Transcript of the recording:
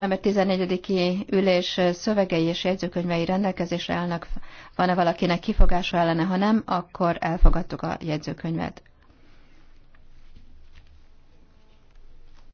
november 14-i ülés szövegei és jegyzőkönyvei rendelkezésre állnak. Van-e valakinek kifogása ellene? Ha nem, akkor elfogadtuk a jegyzőkönyvet.